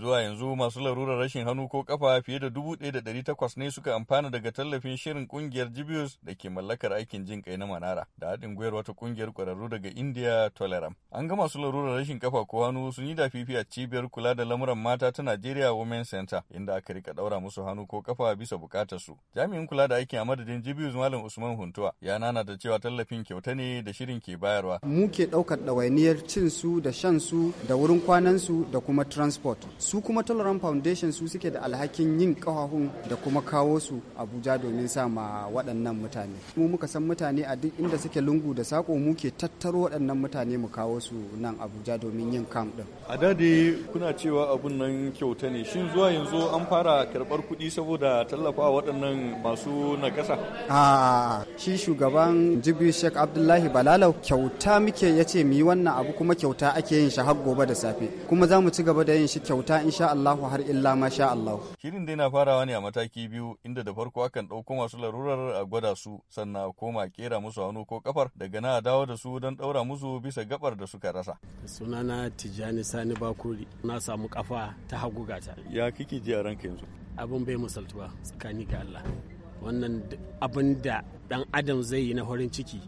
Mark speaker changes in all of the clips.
Speaker 1: Zuwa yanzu masu larurar rashin hannu ko kafa fiye da dubu ɗaya da ɗari takwas ne suka amfana daga tallafin shirin kungiyar Jibius da ke mallakar aikin jin kai na Manara da haɗin gwiwar wata kungiyar kwararru daga India Toleram. An ga masu larurar rashin kafa ko hannu sun yi dafifi a cibiyar kula da lamuran mata ta Najeriya Women Center inda aka rika ɗaura musu hannu ko kafa bisa bukatar su. Jami'in kula da aikin a madadin Jibius Malam Usman Huntuwa ya nana da cewa tallafin kyauta ne da shirin ke bayarwa.
Speaker 2: Mu ke ɗaukar ɗawainiyar cin su da shan su da wurin kwanan su da kuma transport. su kuma tolerant foundation su suke da alhakin yin kafafun da kuma kawo su abuja domin sa ma waɗannan mutane mu muka san mutane a duk inda suke lungu da sako mu ke tattaro waɗannan mutane mu kawo su nan abuja domin yin kam din
Speaker 1: a dade kuna cewa abun nan kyauta ne shin zuwa yanzu an fara karɓar kuɗi saboda tallafa waɗannan masu nakasa
Speaker 2: a shi shugaban jibi shek abdullahi balalau kyauta muke ya ce mu yi wannan abu kuma kyauta ake yin shi har gobe da safe kuma za mu ci gaba da yin shi kyauta insha Allahu har illa ma sha Allahu.
Speaker 1: Shirin dai na farawa ne a mataki biyu inda da farko akan ɗauko masu larurar a gwada su sannan a koma kera musu hannu ko kafar daga na dawo da su don ɗaura
Speaker 3: musu bisa gabar da suka rasa. Sunana Tijjani Sani Bakuri na samu kafa ta hagu gata.
Speaker 4: Ya kike ji a ranka yanzu?
Speaker 3: Abin bai misaltuwa tsakani ga Allah. Wannan abin da ɗan adam zai yi na farin ciki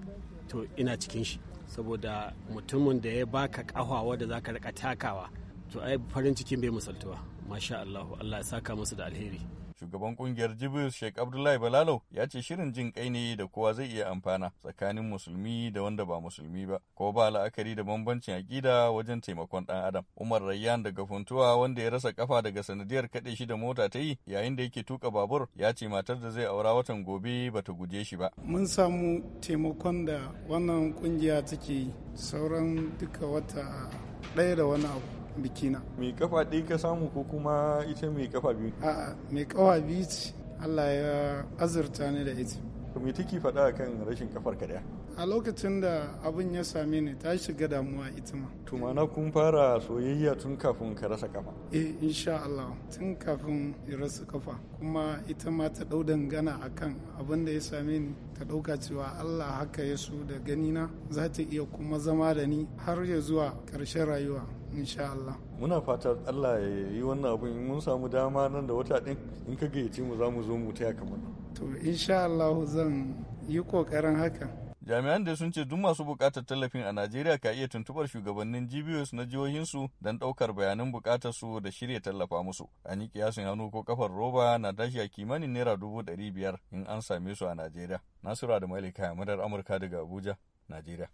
Speaker 3: to ina cikin shi. saboda mutumin da ya baka kahawa da zaka rika takawa to ai farin cikin bai misaltuwa masha Allah Allah ya saka musu da alheri shugaban kungiyar jibril sheikh abdullahi balalo
Speaker 1: ya ce shirin jin kai ne da kowa zai iya amfana tsakanin musulmi da wanda ba musulmi ba ko ba la'akari da bambancin aƙida wajen taimakon ɗan adam umar rayyan daga funtuwa wanda ya rasa kafa daga sanadiyar kaɗe shi da mota ta yi yayin da yake tuka babur ya ce matar da zai aura watan gobe ba ta guje shi ba
Speaker 5: mun samu taimakon da wannan kungiya take sauran duka wata ɗaya da wani abu bikina mai kafa ɗaya ka
Speaker 4: samu ko kuma ita mai kafa biyu a'a
Speaker 5: mai kafa biyu ce Allah ya azurta
Speaker 4: ni da ita me take faɗa kan rashin kafar ka
Speaker 5: a lokacin da abin ya same ni ta shiga damuwa ita ma
Speaker 4: tuma na kun fara soyayya tun kafin ka rasa kafa
Speaker 5: eh insha Allah tun kafin ya rasa kafa kuma ita ma ta ɗau dangana akan abin da ya same ni ta ɗauka cewa Allah haka ya su da ganina za ta iya kuma zama da ni har ya zuwa ƙarshen rayuwa insha Allah
Speaker 4: muna fatar Allah ya yi wannan abu in mun samu dama nan da wata din in ka gayyace mu za mu zo mu taya kamar
Speaker 5: to insha Allah zan yi kokarin haka
Speaker 4: jami'an da sun ce duk masu bukatar tallafin a
Speaker 1: najeriya ka iya tuntubar shugabannin gbos na jihohinsu don daukar bayanan bukatar su da shirya tallafa musu a yi kiyasin hannu ko kafar roba na tashi a kimanin naira dubu ɗari biyar in an same su a najeriya nasiru da malika madar amurka daga abuja najeriya